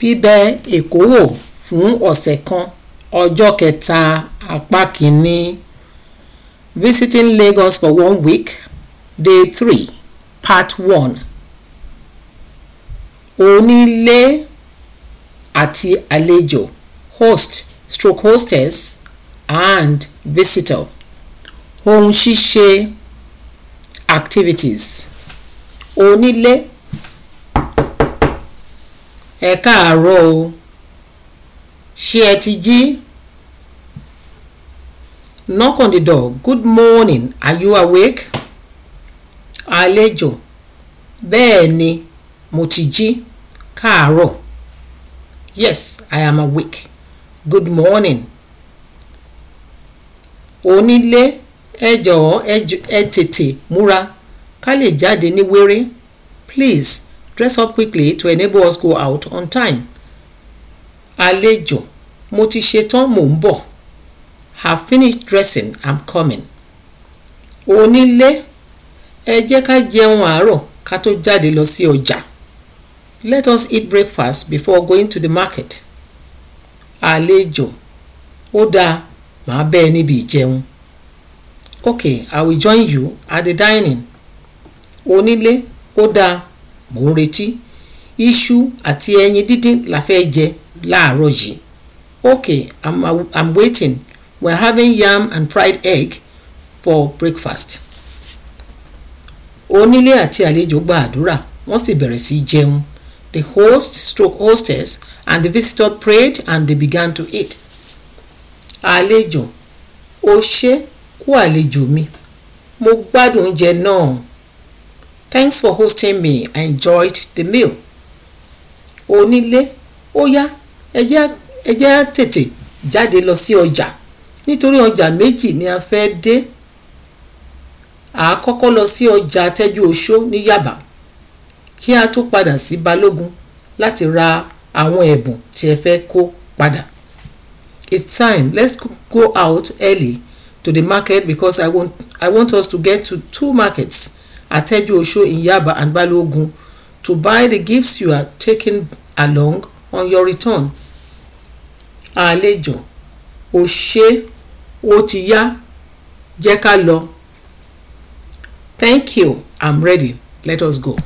bíbẹ èkó wò fún ọ̀sẹ̀ kan ọjọ́ kẹta apá kínní visiting Lagos for one week day three part one onílé àti àlejò host stroke hostess and visitor ohun ṣíṣe activities onílé ẹ káàárọ̀ o ṣé ẹ ti jí knock on the door good morning are you awake àlejò bẹ́ẹ̀ ni mo ti jí káàárọ̀ yes i am awake good morning onílé ẹ jọ̀ọ́ ẹ tètè múra ká lè jáde ní wéré please dress up quickly to enable us go out on time àlejò mo ti ṣetán mò ń bọ̀ have finished dressing i'm coming onílé ẹ jẹ́ ká jẹun àárọ̀ ká tó jáde lọ sí ọjà let us eat breakfast before going to the market àlejò ó dáa màá bẹ́ẹ̀ níbi ìjẹun okay i will join you at the dining onílé ó dáa mò ń retí iṣu àti ẹyin díndín la fẹ́ jẹ láàárọ̀ yìí okay I'm, I'm waiting we're having yam and fried egg for breakfast. onílé àti àlejò gba àdúrà wọ́n sì bẹ̀rẹ̀ sí jẹun the host stroke hostess and the visitor prayed and they began to eat. àlejò o ṣé kú àlejò mi mo gbádùn oúnjẹ náà. No Thanks for hosting me. I enjoyed the meal. Onílé ó yá ẹ jẹ́ tètè jáde lọ sí ọjà nítorí ọjà méjì ni a fẹ́ dé. À á kọ́kọ́ lọ sí ọjà Tẹ́jú Oṣó ní Yàbá kí a tó padà sí Balógun láti ra àwọn ẹ̀bùn tí ẹ fẹ́ kó padà. It's time. Let's go out early to the market because I want, I want us to get to two markets. Atejo Osho in Yaba and Balogun to buy the gifts you are taking along on your return. Àlejò ò ṣe ó ti yá jẹ́ ká lọ. Thank you, I'm ready. Let us go.